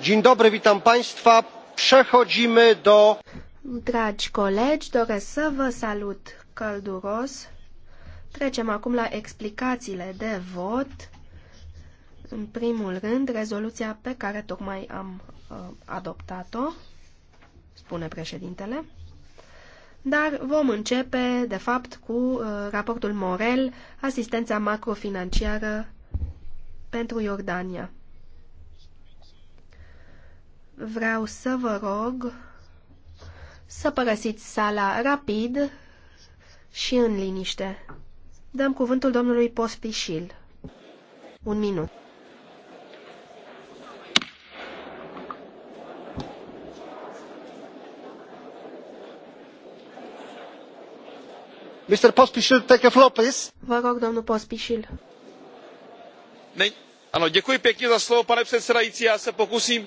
Dzień dobry, witam państwa. Przechodzimy do... Dragi colegi, doresc să vă salut călduros. Trecem acum la explicațiile de vot. În primul rând, rezoluția pe care tocmai am uh, adoptat-o, spune președintele. Dar vom începe, de fapt, cu uh, raportul Morel, asistența macrofinanciară pentru Iordania. Vreau să vă rog să părăsiți sala rapid și în liniște. Dăm cuvântul domnului Pospișil. Un minut. Mr. Pospisil, take a floor, please. Vă rog, domnul Pospisil. Ne... Ano, děkuji pěkně za slovo, pane předsedající. Já se pokusím